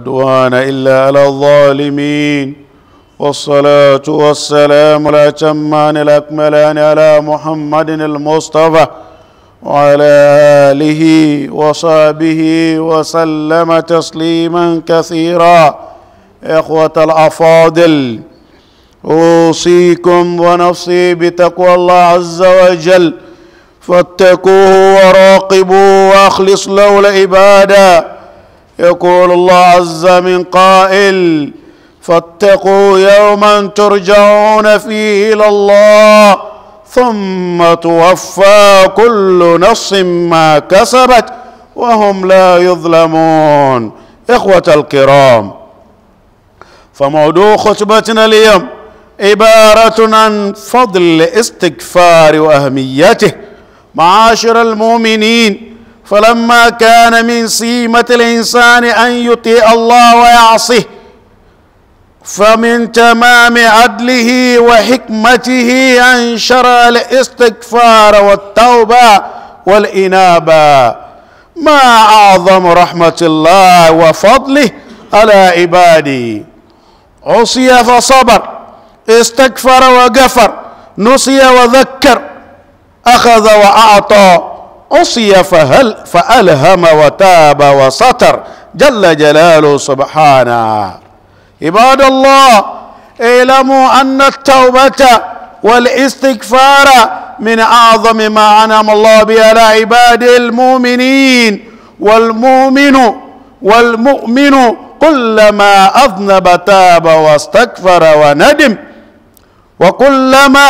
عدوان إلا على الظالمين والصلاة والسلام الأتمان الأكملان على محمد المصطفى وعلى آله وصحبه وسلم تسليما كثيرا إخوة الأفاضل أوصيكم ونفسي بتقوى الله عز وجل فاتقوه وراقبوه وأخلص له العباده يقول الله عز من قائل فاتقوا يوما ترجعون فيه الى الله ثم توفى كل نفس ما كسبت وهم لا يظلمون اخوه الكرام فموضوع خطبتنا اليوم عباره عن فضل الاستغفار واهميته معاشر المؤمنين فلما كان من سيمة الإنسان أن يطيع الله ويعصيه فمن تمام عدله وحكمته أن شرع الاستغفار والتوبة والإنابة ما أعظم رحمة الله وفضله على عبادي عصي فصبر استكفر وغفر نسي وذكر أخذ وأعطى عصي فهل فألهم وتاب وستر جل جلاله سبحانه عباد الله اعلموا أن التوبة والاستغفار من أعظم ما أنعم الله به على عباد المؤمنين والمؤمن والمؤمن كلما أذنب تاب واستغفر وندم وكلما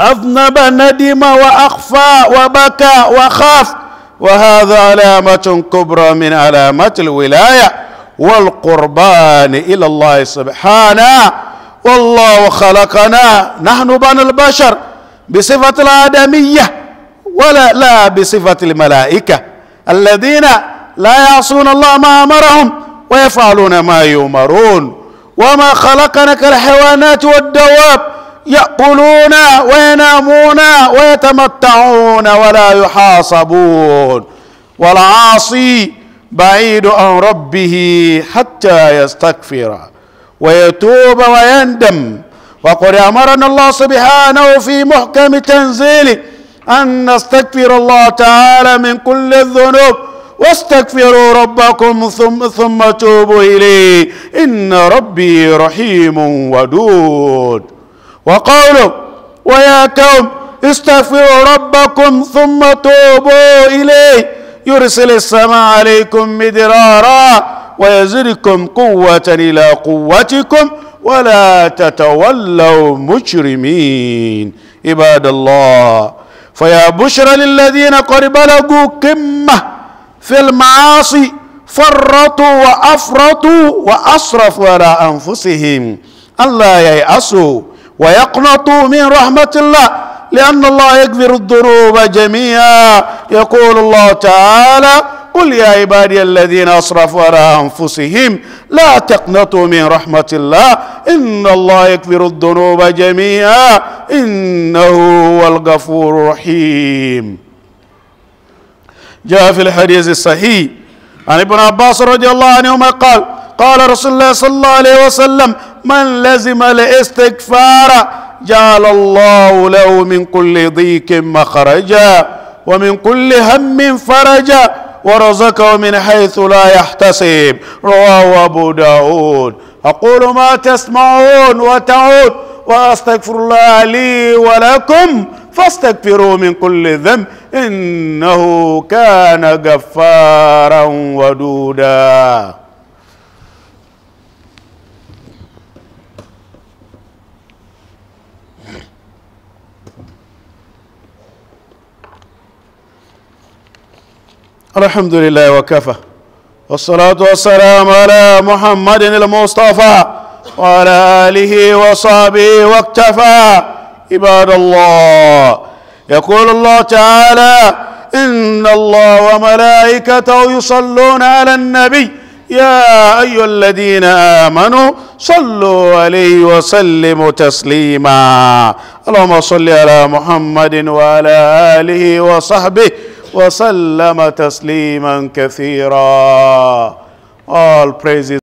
أذنب ندم وأخفى وبكى وخاف وهذا علامة كبرى من علامات الولاية والقربان إلى الله سبحانه والله خلقنا نحن بني البشر بصفة الآدمية ولا لا بصفة الملائكة الذين لا يعصون الله ما أمرهم ويفعلون ما يؤمرون وما خلقنا كالحيوانات والدواب يأكلون وينامون ويتمتعون ولا يحاسبون والعاصي بعيد عن ربه حتى يستكفر ويتوب ويندم وقد أمرنا الله سبحانه في محكم تنزيله أن نستكفر الله تعالى من كل الذنوب واستكفروا ربكم ثم, ثم توبوا إليه إن ربي رحيم ودود وقوله ويا كوم استغفروا ربكم ثم توبوا إليه يرسل السماء عليكم مدرارا ويزدكم قوة إلى قوتكم ولا تتولوا مجرمين عباد الله فيا بشرى للذين قد بلغوا قمة في المعاصي فرطوا وأفرطوا وأصرفوا على أنفسهم الله ييأسوا ويقنطوا من رحمة الله لأن الله يكفر الذنوب جميعا يقول الله تعالى قل يا عبادي الذين أسرفوا على أنفسهم لا تقنطوا من رحمة الله إن الله يكفر الذنوب جميعا إنه هو الغفور الرحيم جاء في الحديث الصحيح عن ابن عباس رضي الله عنهما قال قال رسول الله صلى الله عليه وسلم من لزم الاستكفار جعل الله له من كل ضيق مخرجا ومن كل هم فرجا ورزقه من حيث لا يحتسب رواه أبو داود أقول ما تسمعون وتعود وأستغفر الله لي ولكم فاستغفروا من كل ذنب إنه كان غفارا ودودا الحمد لله وكفى والصلاة والسلام على محمد المصطفى وعلى آله وصحبه واكتفى عباد الله يقول الله تعالى إن الله وملائكته يصلون على النبي يا أيها الذين آمنوا صلوا عليه وسلموا تسليما اللهم صل على محمد وعلى آله وصحبه وسلم تسليما كثيرا All praises